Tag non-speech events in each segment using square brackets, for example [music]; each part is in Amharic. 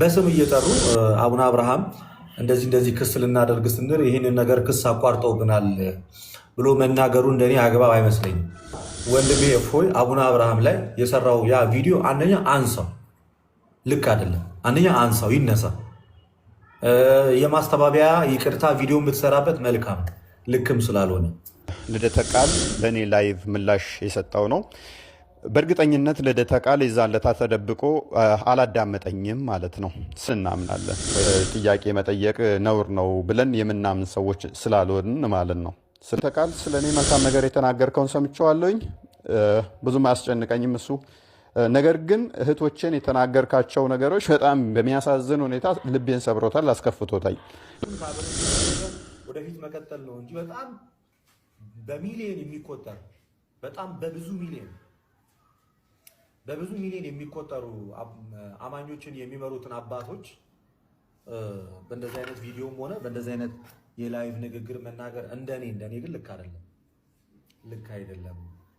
በስም እየጠሩ አቡነ አብርሃም እንደዚህ እንደዚህ ክስ ልናደርግ ስንል ይህንን ነገር ክስ አቋርጠውብናል ብሎ መናገሩ እንደኔ አግባብ አይመስለኝም። ወንድሜ እፎይ አቡነ አብርሃም ላይ የሰራው ያ ቪዲዮ አንደኛ አንሳው፣ ልክ አይደለም። አንደኛ አንሳው፣ ይነሳ። የማስተባበያ ይቅርታ ቪዲዮ የምትሰራበት መልካም፣ ልክም ስላልሆነ ልደተ ቃል ለእኔ ላይቭ ምላሽ የሰጠው ነው። በእርግጠኝነት ልደተ ቃል ይዛለታ ተደብቆ አላዳመጠኝም ማለት ነው ስናምናለን። ጥያቄ መጠየቅ ነውር ነው ብለን የምናምን ሰዎች ስላልሆንን ማለት ነው። ልደተ ቃል ስለ እኔ መልካም ነገር የተናገርከውን ሰምቼዋለሁኝ። ብዙም አያስጨንቀኝም እሱ ነገር ግን እህቶችን የተናገርካቸው ነገሮች በጣም በሚያሳዝን ሁኔታ ልቤን ሰብሮታል፣ አስከፍቶታል። ወደፊት መቀጠል ነው እንጂ በጣም በሚሊዮን የሚቆጠር በጣም በብዙ ሚሊዮን በብዙ ሚሊዮን የሚቆጠሩ አማኞችን የሚመሩትን አባቶች በእንደዚህ አይነት ቪዲዮም ሆነ በእንደዚህ አይነት የላይቭ ንግግር መናገር እንደኔ እንደኔ ግን ልክ አይደለም፣ ልክ አይደለም።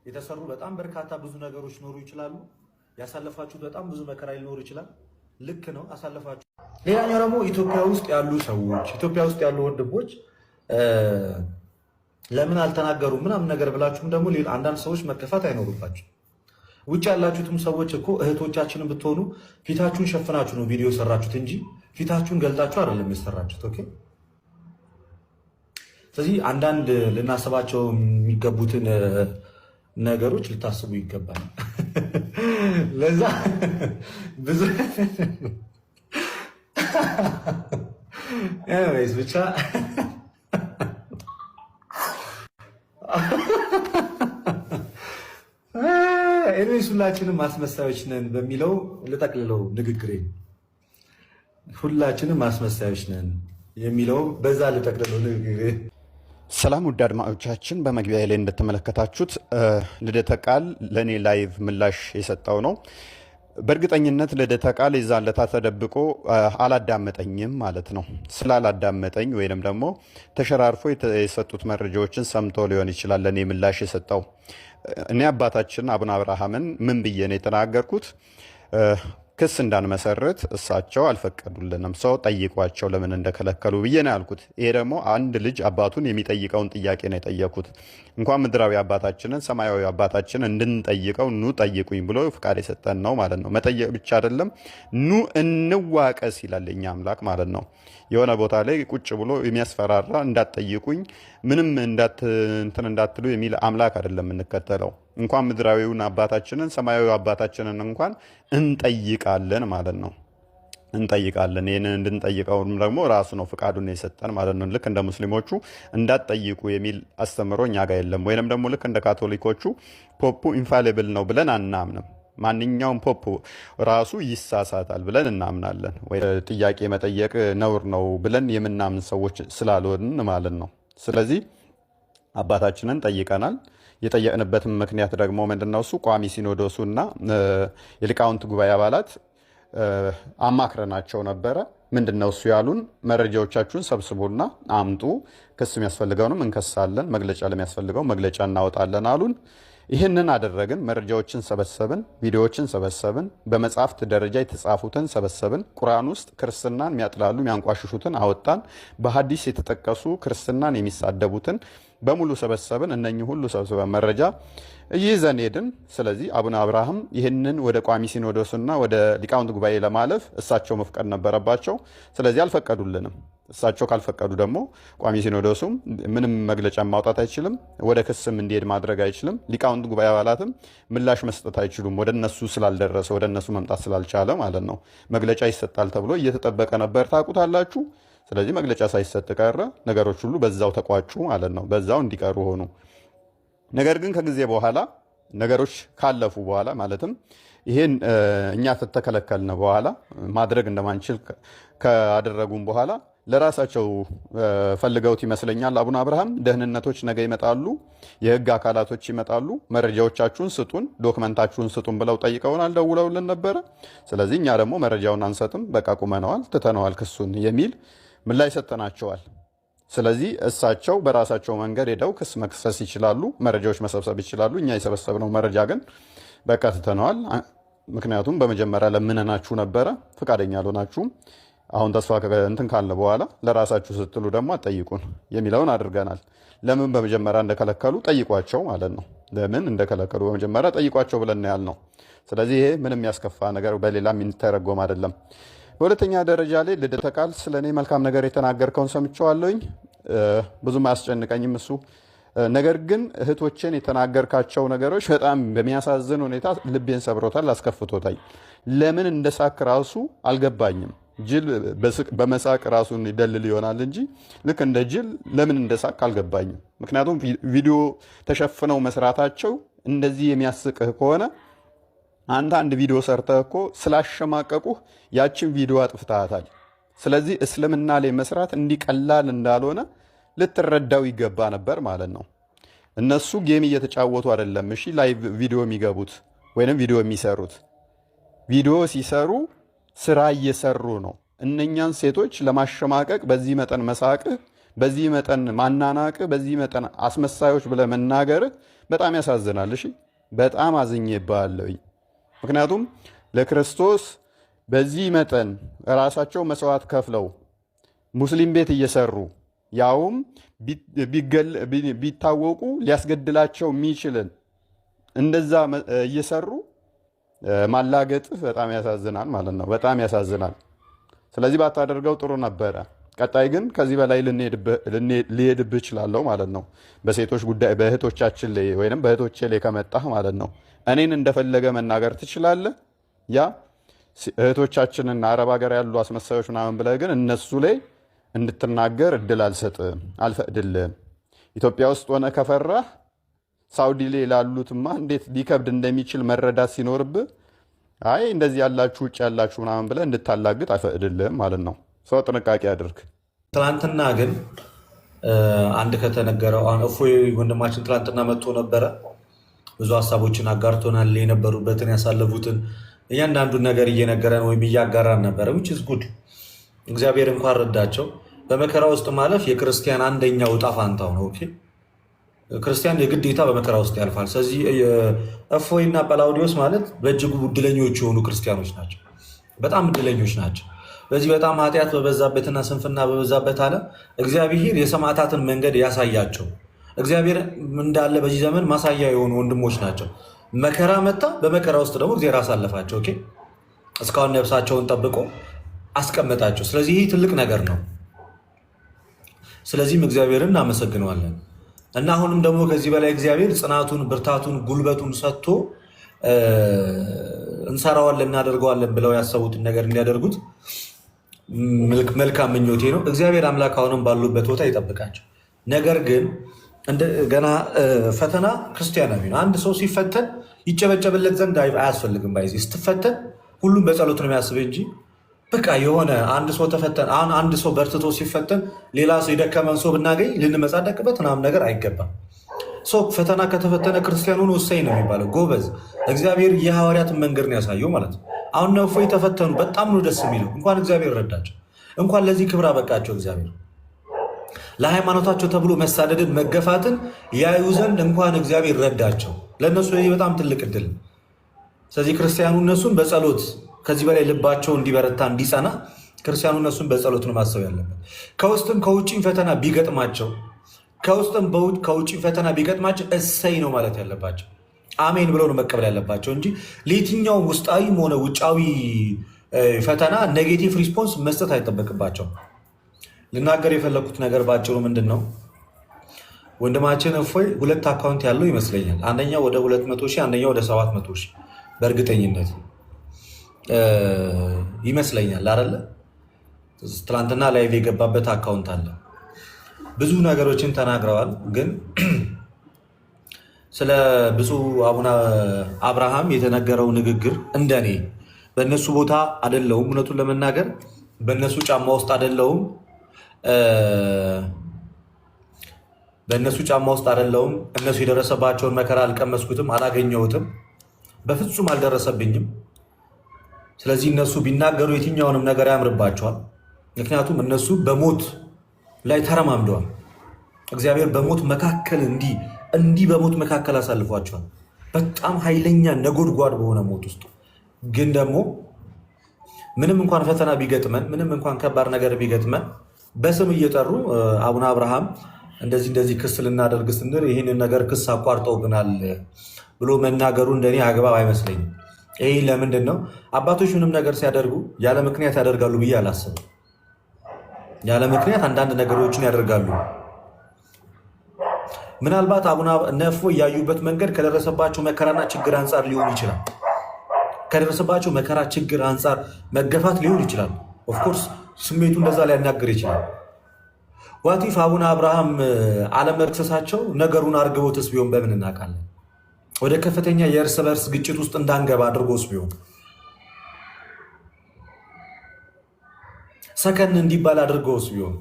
የተሰሩ በጣም በርካታ ብዙ ነገሮች ሊኖሩ ይችላሉ። ያሳለፋችሁት በጣም ብዙ መከራ ሊኖር ይችላል። ልክ ነው፣ አሳለፋችሁ። ሌላኛው ደግሞ ኢትዮጵያ ውስጥ ያሉ ሰዎች ኢትዮጵያ ውስጥ ያሉ ወንድሞች ለምን አልተናገሩ ምናምን ነገር ብላችሁም ደግሞ አንዳንድ ሰዎች መከፋት አይኖሩባቸው ውጭ ያላችሁትም ሰዎች እኮ እህቶቻችንን ብትሆኑ ፊታችሁን ሸፍናችሁ ነው ቪዲዮ የሰራችሁት እንጂ ፊታችሁን ገልጣችሁ አይደለም የሰራችሁት። ኦኬ። ስለዚህ አንዳንድ ልናስባቸው የሚገቡትን ነገሮች ልታስቡ ይገባል። [laughs] ለዛ ብዙ [laughs] ብቻ ኤኒዌይስ ሁላችንም ማስመሳዮች ነን በሚለው ልጠቅልለው ንግግሬ። ሁላችንም ማስመሳዮች ነን የሚለው በዛ ልጠቅልለው ንግግሬ። ሰላም ውድ አድማጮቻችን፣ በመግቢያ ላይ እንደተመለከታችሁት ልደተ ቃል ለእኔ ላይቭ ምላሽ የሰጠው ነው። በእርግጠኝነት ልደተ ቃል ይዛለታ ተደብቆ አላዳመጠኝም ማለት ነው። ስላላዳመጠኝ ወይንም ደግሞ ተሸራርፎ የሰጡት መረጃዎችን ሰምቶ ሊሆን ይችላል ለእኔ ምላሽ የሰጠው። እኔ አባታችን አቡነ አብርሃምን ምን ብዬ ነው የተናገርኩት? ክስ እንዳንመሰርት እሳቸው አልፈቀዱልንም። ሰው ጠይቋቸው ለምን እንደከለከሉ ብዬ ነው ያልኩት። ይሄ ደግሞ አንድ ልጅ አባቱን የሚጠይቀውን ጥያቄ ነው የጠየኩት። እንኳን ምድራዊ አባታችንን ሰማያዊ አባታችን እንድንጠይቀው ኑ ጠይቁኝ ብሎ ፍቃድ የሰጠን ነው ማለት ነው። መጠየቅ ብቻ አይደለም፣ ኑ እንዋቀስ ይላል የኛ አምላክ ማለት ነው። የሆነ ቦታ ላይ ቁጭ ብሎ የሚያስፈራራ እንዳትጠይቁኝ ምንም እንትን እንዳትሉ የሚል አምላክ አይደለም የምንከተለው። እንኳን ምድራዊውን አባታችንን ሰማያዊ አባታችንን እንኳን እንጠይቃለን ማለት ነው እንጠይቃለን ይህንን እንድንጠይቀውም ደግሞ ራሱ ነው ፍቃዱን የሰጠን ማለት ነው። ልክ እንደ ሙስሊሞቹ እንዳትጠይቁ የሚል አስተምሮ እኛ ጋር የለም። ወይንም ደግሞ ልክ እንደ ካቶሊኮቹ ፖፑ ኢንፋሌብል ነው ብለን አናምንም። ማንኛውም ፖፕ ራሱ ይሳሳታል ብለን እናምናለን። ወይ ጥያቄ መጠየቅ ነውር ነው ብለን የምናምን ሰዎች ስላልሆን ማለት ነው። ስለዚህ አባታችንን ጠይቀናል። የጠየቅንበትም ምክንያት ደግሞ ምንድነው? እሱ ቋሚ ሲኖዶሱ እና የሊቃውንት ጉባኤ አባላት አማክረናቸው ነበረ። ምንድነው እሱ ያሉን መረጃዎቻችሁን ሰብስቡና አምጡ፣ ክስ የሚያስፈልገውንም እንከሳለን፣ መግለጫ ለሚያስፈልገው መግለጫ እናወጣለን አሉን። ይህንን አደረግን። መረጃዎችን ሰበሰብን፣ ቪዲዮዎችን ሰበሰብን፣ በመጽሐፍት ደረጃ የተጻፉትን ሰበሰብን። ቁርአን ውስጥ ክርስትናን የሚያጥላሉ የሚያንቋሽሹትን አወጣን። በሀዲስ የተጠቀሱ ክርስትናን የሚሳደቡትን በሙሉ ሰበሰብን። እነኚህ ሁሉ ሰብስበን መረጃ ይዘን ሄድን። ስለዚህ አቡነ አብርሃም ይህንን ወደ ቋሚ ሲኖዶስና ወደ ሊቃውንት ጉባኤ ለማለፍ እሳቸው መፍቀድ ነበረባቸው። ስለዚህ አልፈቀዱልንም። እሳቸው ካልፈቀዱ ደግሞ ቋሚ ሲኖዶሱም ምንም መግለጫ ማውጣት አይችልም። ወደ ክስም እንዲሄድ ማድረግ አይችልም። ሊቃውንት ጉባኤ አባላትም ምላሽ መስጠት አይችሉም። ወደ እነሱ ስላልደረሰ፣ ወደ እነሱ መምጣት ስላልቻለ ማለት ነው። መግለጫ ይሰጣል ተብሎ እየተጠበቀ ነበር። ታውቁታላችሁ። ስለዚህ መግለጫ ሳይሰጥ ቀረ። ነገሮች ሁሉ በዛው ተቋጩ ማለት ነው። በዛው እንዲቀሩ ሆኑ። ነገር ግን ከጊዜ በኋላ ነገሮች ካለፉ በኋላ ማለትም ይሄን እኛ ተተከለከልን በኋላ ማድረግ እንደማንችል ካደረጉም በኋላ ለራሳቸው ፈልገውት ይመስለኛል። አቡነ አብርሃም ደህንነቶች ነገ ይመጣሉ፣ የህግ አካላቶች ይመጣሉ፣ መረጃዎቻችሁን ስጡን፣ ዶክመንታችሁን ስጡን ብለው ጠይቀውናል፣ ደውለውልን ነበረ። ስለዚህ እኛ ደግሞ መረጃውን አንሰጥም፣ በቃ ቁመነዋል፣ ትተነዋል ክሱን የሚል ምላሽ ሰጥተናቸዋል። ስለዚህ እሳቸው በራሳቸው መንገድ ሄደው ክስ መክሰስ ይችላሉ፣ መረጃዎች መሰብሰብ ይችላሉ። እኛ የሰበሰብነው መረጃ ግን በቃ ትተነዋል፣ ምክንያቱም በመጀመሪያ ለምነናችሁ ነበረ፣ ፈቃደኛ አልሆናችሁም አሁን ተስፋ እንትን ካለ በኋላ ለራሳችሁ ስትሉ ደግሞ አጠይቁን የሚለውን አድርገናል። ለምን በመጀመሪያ እንደከለከሉ ጠይቋቸው ማለት ነው። ለምን እንደከለከሉ በመጀመሪያ ጠይቋቸው ብለን ነው። ስለዚህ ይሄ ምንም የሚያስከፋ ነገር በሌላ የሚተረጎም አይደለም። በሁለተኛ ደረጃ ላይ ልደተ ቃል ስለ እኔ መልካም ነገር የተናገርከውን ሰምቼዋለሁኝ። ብዙም አያስጨንቀኝም እሱ ነገር ግን እህቶችን የተናገርካቸው ነገሮች በጣም በሚያሳዝን ሁኔታ ልቤን ሰብሮታል፣ አስከፍቶታል። ለምን እንደሳክ ራሱ አልገባኝም። ጅል በመሳቅ ራሱን ይደልል ይሆናል እንጂ ልክ እንደ ጅል ለምን እንደሳቅ አልገባኝም። ምክንያቱም ቪዲዮ ተሸፍነው መስራታቸው እንደዚህ የሚያስቅህ ከሆነ አንተ አንድ ቪዲዮ ሰርተህ እኮ ስላሸማቀቁህ ያችን ቪዲዮ አጥፍተሃታል። ስለዚህ እስልምና ላይ መስራት እንዲቀላል እንዳልሆነ ልትረዳው ይገባ ነበር ማለት ነው። እነሱ ጌም እየተጫወቱ አይደለም። እሺ ላይቭ ቪዲዮ የሚገቡት ወይንም ቪዲዮ የሚሰሩት ቪዲዮ ሲሰሩ ስራ እየሰሩ ነው። እነኛን ሴቶች ለማሸማቀቅ በዚህ መጠን መሳቅህ፣ በዚህ መጠን ማናናቅህ፣ በዚህ መጠን አስመሳዮች ብለህ መናገርህ በጣም ያሳዝናል። እሺ በጣም አዝኜብሃለሁኝ። ምክንያቱም ለክርስቶስ በዚህ መጠን ራሳቸው መስዋዕት ከፍለው ሙስሊም ቤት እየሰሩ ያውም ቢታወቁ ሊያስገድላቸው የሚችልን እንደዛ እየሰሩ ማላገጥህ በጣም ያሳዝናል ማለት ነው። በጣም ያሳዝናል። ስለዚህ ባታደርገው ጥሩ ነበረ። ቀጣይ ግን ከዚህ በላይ ሊሄድብህ እችላለሁ ማለት ነው። በሴቶች ጉዳይ በእህቶቻችን ላይ ወይም በእህቶቼ ላይ ከመጣህ ማለት ነው እኔን እንደፈለገ መናገር ትችላለህ። ያ እህቶቻችንና አረብ ሀገር ያሉ አስመሳዮች ምናምን ብለህ ግን እነሱ ላይ እንድትናገር እድል አልሰጥም፣ አልፈቅድልም። ኢትዮጵያ ውስጥ ሆነ ከፈራህ ሳውዲ ላይ ላሉትማ እንዴት ሊከብድ እንደሚችል መረዳት ሲኖርብ አይ እንደዚህ ያላችሁ ውጭ ያላችሁ ምናምን ብለህ እንድታላግጥ አይፈቅድልህም ማለት ነው። ሰው ጥንቃቄ አድርግ። ትናንትና ግን አንድ ከተነገረው እፎይ ወንድማችን ትናንትና መጥቶ ነበረ። ብዙ ሀሳቦችን አጋርቶናል። የነበሩበትን ያሳለፉትን እያንዳንዱን ነገር እየነገረን ወይም እያጋራን ነበረ። ውጭ ጉድ። እግዚአብሔር እንኳን ረዳቸው። በመከራ ውስጥ ማለፍ የክርስቲያን አንደኛው ዕጣ ፋንታው ነው። ኦኬ ክርስቲያን የግዴታ በመከራ ውስጥ ያልፋል። ስለዚህ እፎይ እና ጳላውዲዮስ ማለት በእጅጉ እድለኞች የሆኑ ክርስቲያኖች ናቸው። በጣም እድለኞች ናቸው። በዚህ በጣም ኃጢአት በበዛበትና ስንፍና በበዛበት ዓለም እግዚአብሔር የሰማዕታትን መንገድ ያሳያቸው እግዚአብሔር እንዳለ በዚህ ዘመን ማሳያ የሆኑ ወንድሞች ናቸው። መከራ መታ፣ በመከራ ውስጥ ደግሞ እግዚአብሔር አሳለፋቸው። ኦኬ እስካሁን ነፍሳቸውን ጠብቆ አስቀመጣቸው። ስለዚህ ይህ ትልቅ ነገር ነው። ስለዚህም እግዚአብሔርን እናመሰግነዋለን። እና አሁንም ደግሞ ከዚህ በላይ እግዚአብሔር ጽናቱን፣ ብርታቱን፣ ጉልበቱን ሰጥቶ እንሰራዋለን እናደርገዋለን ብለው ያሰቡትን ነገር እንዲያደርጉት መልካም ምኞቴ ነው። እግዚአብሔር አምላክ አሁንም ባሉበት ቦታ ይጠብቃቸው። ነገር ግን ገና ፈተና ክርስቲያናዊ ነው። አንድ ሰው ሲፈተን ይጨበጨብለት ዘንድ አያስፈልግም። ባይዜ ስትፈተን ሁሉም በጸሎት ነው የሚያስብ እንጂ በቃ የሆነ አንድ ሰው ተፈተን አሁን አንድ ሰው በርትቶ ሲፈተን ሌላ ሰው የደከመን ሰው ብናገኝ ልንመጻደቅበት ምናምን ነገር አይገባም። ሰው ፈተና ከተፈተነ ክርስቲያን ሆኖ ወሳኝ ነው የሚባለው ጎበዝ። እግዚአብሔር የሐዋርያትን መንገድ ነው ያሳየው ማለት ነው። አሁን ነው እፎይ በጣም ነው ደስ የሚለው። እንኳን እግዚአብሔር ረዳቸው፣ እንኳን ለዚህ ክብር አበቃቸው። እግዚአብሔር ለሃይማኖታቸው ተብሎ መሳደድን፣ መገፋትን ያዩ ዘንድ እንኳን እግዚአብሔር ረዳቸው። ለእነሱ በጣም ትልቅ እድል። ስለዚህ ክርስቲያኑ እነሱን በጸሎት ከዚህ በላይ ልባቸው እንዲበረታ እንዲጸና ክርስቲያኑ እነሱን በጸሎት ነው ማሰብ ያለበት። ከውስጥም ከውጭም ፈተና ቢገጥማቸው ከውስጥም ከውጭም ፈተና ቢገጥማቸው እሰይ ነው ማለት ያለባቸው፣ አሜን ብለው ነው መቀበል ያለባቸው እንጂ ለየትኛውም ውስጣዊም ሆነ ውጫዊ ፈተና ኔጌቲቭ ሪስፖንስ መስጠት አይጠበቅባቸውም። ልናገር የፈለኩት ነገር ባጭሩ ምንድን ነው? ወንድማችን እፎይ ሁለት አካውንት ያለው ይመስለኛል። አንደኛው ወደ 200 ሺህ፣ አንደኛው ወደ 700 ሺህ በእርግጠኝነት ይመስለኛል አለ ትላንትና ላይቭ የገባበት አካውንት አለ። ብዙ ነገሮችን ተናግረዋል። ግን [clears throat] ስለ ብፁዕ አቡነ አብርሃም የተነገረው ንግግር እንደኔ በእነሱ ቦታ አደለውም፣ እውነቱን ለመናገር በእነሱ ጫማ ውስጥ አደለውም፣ በእነሱ ጫማ ውስጥ አደለውም። እነሱ የደረሰባቸውን መከራ አልቀመስኩትም፣ አላገኘሁትም። በፍጹም አልደረሰብኝም። ስለዚህ እነሱ ቢናገሩ የትኛውንም ነገር ያምርባቸዋል። ምክንያቱም እነሱ በሞት ላይ ተረማምደዋል። እግዚአብሔር በሞት መካከል እንዲህ እንዲህ በሞት መካከል አሳልፏቸዋል። በጣም ኃይለኛ ነጎድጓድ በሆነ ሞት ውስጥ ግን ደግሞ ምንም እንኳን ፈተና ቢገጥመን፣ ምንም እንኳን ከባድ ነገር ቢገጥመን በስም እየጠሩ አቡነ አብርሃም እንደዚህ እንደዚህ ክስ ልናደርግ ስንል ይህንን ነገር ክስ አቋርጠውብናል ብሎ መናገሩ እንደኔ አግባብ አይመስለኝም። ይህ ለምንድን ነው? አባቶች ምንም ነገር ሲያደርጉ ያለ ምክንያት ያደርጋሉ ብዬ አላስብ። ያለ ምክንያት አንዳንድ ነገሮችን ያደርጋሉ። ምናልባት አቡነ ነፎ እያዩበት መንገድ ከደረሰባቸው መከራና ችግር አንጻር ሊሆን ይችላል። ከደረሰባቸው መከራ፣ ችግር አንጻር መገፋት ሊሆን ይችላል። ኦፍኮርስ ስሜቱ እንደዛ ሊያናግር ይችላል። ዋቲፍ አቡነ አብርሃም አለመክሰሳቸው ነገሩን አርግቦትስ ቢሆን በምን እናውቃለን? ወደ ከፍተኛ የእርስ በእርስ ግጭት ውስጥ እንዳንገባ አድርጎስ ቢሆን ሰከን እንዲባል አድርገውስ ቢሆን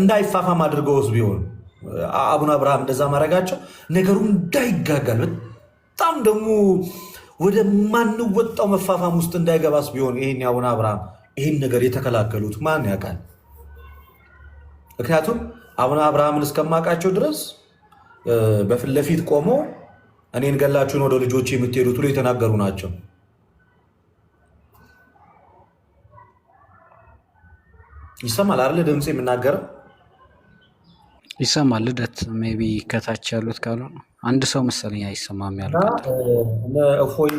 እንዳይፋፋም አድርገውስ ቢሆን አቡነ አብርሃም እንደዛ ማድረጋቸው ነገሩ እንዳይጋጋል በጣም ደግሞ ወደማንወጣው መፋፋም ውስጥ እንዳይገባስ ቢሆን ይሄን አቡነ አብርሃም ይህን ነገር የተከላከሉት ማን ያውቃል? ምክንያቱም አቡነ አብርሃምን እስከማውቃቸው ድረስ በፊት ለፊት ቆሞ እኔን ገላችሁን ወደ ልጆች የምትሄዱት ብሎ የተናገሩ ናቸው። ይሰማል አይደል? ድምፅ የምናገረው ይሰማል። ልደት ሜይ ቢ ከታች ያሉት ካሉ አንድ ሰው መሰለኝ አይሰማም ያለው እፎይ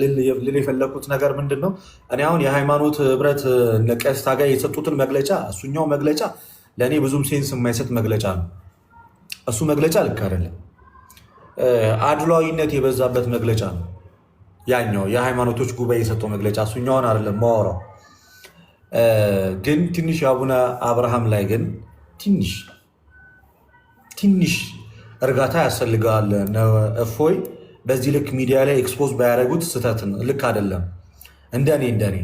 ልል የፈለግኩት ነገር ምንድን ነው? እኔ አሁን የሃይማኖት ህብረት ቄስ ታጋይ የሰጡትን መግለጫ እሱኛው መግለጫ ለእኔ ብዙም ሴንስ የማይሰጥ መግለጫ ነው። እሱ መግለጫ ልክ አይደለም። አድሏዊነት የበዛበት መግለጫ ነው። ያኛው የሃይማኖቶች ጉባኤ የሰጠው መግለጫ እሱኛውን አይደለም ማወራው። ግን ትንሽ የአቡነ አብርሃም ላይ ግን ትንሽ ትንሽ እርጋታ ያስፈልገዋል። እፎይ በዚህ ልክ ሚዲያ ላይ ኤክስፖዝ ባያደረጉት ስህተት ልክ አይደለም። እንደኔ እንደኔ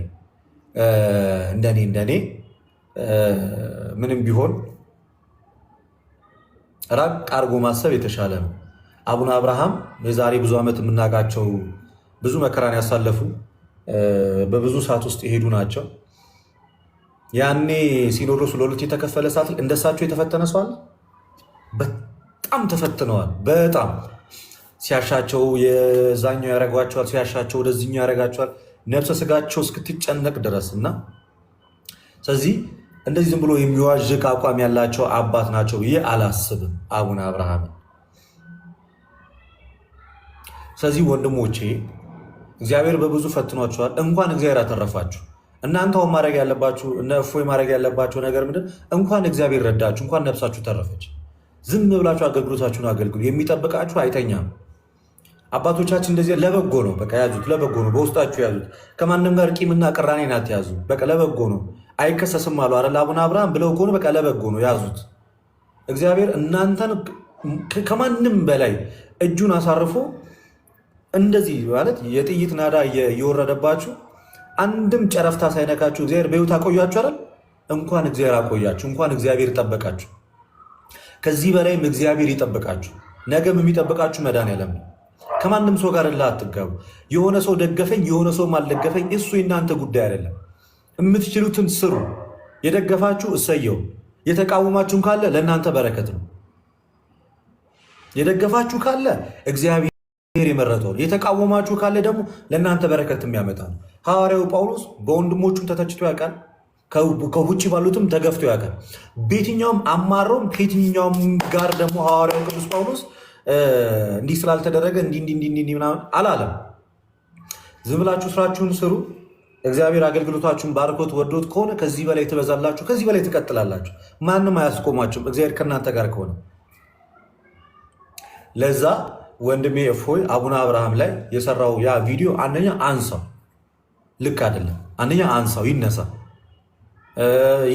እንደኔ እንደኔ ምንም ቢሆን ራቅ አድርጎ ማሰብ የተሻለ ነው። አቡነ አብርሃም የዛሬ ብዙ ዓመት የምናውቃቸው ብዙ መከራን ያሳለፉ በብዙ ሰዓት ውስጥ የሄዱ ናቸው። ያኔ ሲኖዶስ ለሁለት የተከፈለ ሰዓት እንደሳቸው የተፈተነ ሰው አለ? በጣም ተፈትነዋል። በጣም ሲያሻቸው የዛኛው ያደርጓቸዋል፣ ሲያሻቸው ወደዚኛው ያደርጋቸዋል ነፍሰ ስጋቸው እስክትጨነቅ ድረስ እና ስለዚህ እንደዚህ ዝም ብሎ የሚዋዥቅ አቋም ያላቸው አባት ናቸው ብዬ አላስብም አቡነ አብርሃምን። ስለዚህ ወንድሞቼ እግዚአብሔር በብዙ ፈትኗቸዋል። እንኳን እግዚአብሔር አተረፋችሁ። እናንተው ማድረግ ያለባችሁ እነ እፎይ ማድረግ ያለባቸው ነገር ምንድን እንኳን እግዚአብሔር ረዳችሁ፣ እንኳን ነፍሳችሁ ተረፈች። ዝም ብላችሁ አገልግሎታችሁን አገልግሉ። የሚጠብቃችሁ አይተኛም። አባቶቻችን እንደዚህ ለበጎ ነው። በቃ ያዙት፣ ለበጎ ነው። በውስጣችሁ ያዙት። ከማንም ጋር ቂምና ናት ያዙ በቃ ለበጎ ነው። አይከሰስም አሉ አይደል? አቡነ አብርሃም ብለው ከሆኑ በቃ ለበጎ ነው ያዙት። እግዚአብሔር እናንተን ከማንም በላይ እጁን አሳርፎ እንደዚህ ማለት የጥይት ናዳ እየወረደባችሁ አንድም ጨረፍታ ሳይነካችሁ እግዚአብሔር በሕይወት አቆያችሁ አይደል? እንኳን እግዚአብሔር አቆያችሁ፣ እንኳን እግዚአብሔር ይጠበቃችሁ። ከዚህ በላይም እግዚአብሔር ይጠብቃችሁ። ነገም የሚጠብቃችሁ መድኃኒዓለም ነው። ከማንም ሰው ጋር እልህ አትጋቡ። የሆነ ሰው ደገፈኝ፣ የሆነ ሰውም አልደገፈኝ፣ እሱ የእናንተ ጉዳይ አይደለም። የምትችሉትን ስሩ። የደገፋችሁ እሰየው፣ የተቃወማችሁም ካለ ለእናንተ በረከት ነው። የደገፋችሁ ካለ እግዚአብሔር የመረጠው፣ የተቃወማችሁ ካለ ደግሞ ለእናንተ በረከት የሚያመጣ ነው። ሐዋርያው ጳውሎስ በወንድሞቹም ተተችቶ ያውቃል፣ ከውጭ ባሉትም ተገፍቶ ያውቃል። በየትኛውም አማረውም ከየትኛውም ጋር ደግሞ ሐዋርያው ቅዱስ ጳውሎስ እንዲህ ስላልተደረገ እንዲህ እንዲህ እንዲህ ምናምን አላለም። ዝም ብላችሁ ስራችሁን ስሩ። እግዚአብሔር አገልግሎታችሁን ባርኮት ወዶት ከሆነ ከዚህ በላይ ትበዛላችሁ፣ ከዚህ በላይ ትቀጥላላችሁ። ማንም አያስቆማችሁም፣ እግዚአብሔር ከእናንተ ጋር ከሆነ። ለዛ ወንድሜ እፎይ አቡነ አብርሃም ላይ የሰራው ያ ቪዲዮ አንደኛ አንሳው፣ ልክ አይደለም። አንደኛ አንሳው፣ ይነሳ።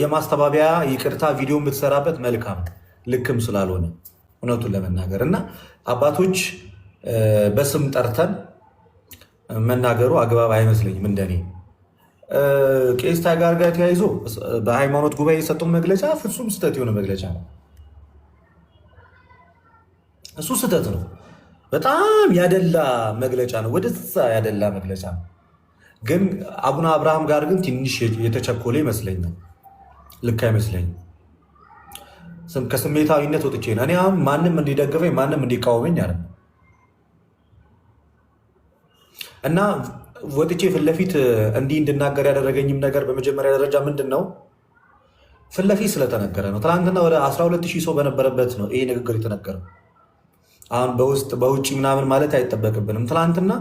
የማስተባበያ ይቅርታ ቪዲዮ የምትሰራበት መልካም፣ ልክም ስላልሆነ እውነቱን ለመናገር እና አባቶች በስም ጠርተን መናገሩ አግባብ አይመስለኝም እንደኔ ቄስ ታጋር ጋር ተያይዞ በሃይማኖት ጉባኤ የሰጠው መግለጫ ፍጹም ስህተት የሆነ መግለጫ ነው። እሱ ስህተት ነው። በጣም ያደላ መግለጫ ነው። ወደዛ ያደላ መግለጫ ነው። ግን አቡነ አብርሃም ጋር ግን ትንሽ የተቸኮለ ይመስለኛል። ልክ አይመስለኝም። ከስሜታዊነት ወጥቼ እኔ አሁን ማንም እንዲደግፈኝ ማንም እንዲቃወመኝ አለ እና ወጥቼ ፊት ለፊት እንዲህ እንድናገር ያደረገኝም ነገር በመጀመሪያ ደረጃ ምንድን ነው ፊት ለፊት ስለተነገረ ነው። ትናንትና ወደ 12 ሺህ ሰው በነበረበት ነው ይሄ ንግግር የተነገረው። አሁን በውስጥ በውጭ ምናምን ማለት አይጠበቅብንም። ትናንትና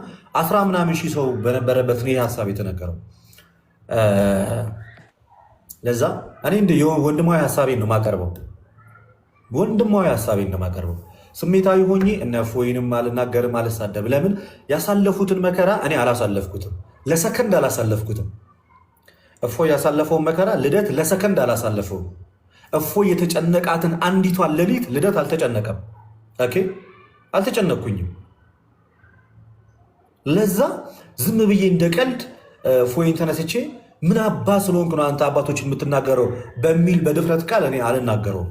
አስራ ምናምን ሺህ ሰው በነበረበት ነው ይህ ሀሳብ የተነገረው። ለዛ እኔ ወንድማዊ ሀሳቤን ነው የማቀርበው። ወንድማዊ ሀሳቤን ነው የማቀርበው። ስሜታዊ ሆኜ እነ ፎይንም አልናገርም፣ አልሳደብ። ለምን ያሳለፉትን መከራ እኔ አላሳለፍኩትም፣ ለሰከንድ አላሳለፍኩትም። እፎ ያሳለፈውን መከራ ልደት ለሰከንድ አላሳለፈውም። እፎ የተጨነቃትን አንዲቷን ሌሊት ልደት አልተጨነቀም። ኦኬ አልተጨነቅኩኝም። ለዛ ዝም ብዬ እንደ ቀልድ ፎይን ተነስቼ ምን አባ ስለሆንክ ነው አንተ አባቶች የምትናገረው በሚል በድፍረት ቃል እኔ አልናገረውም።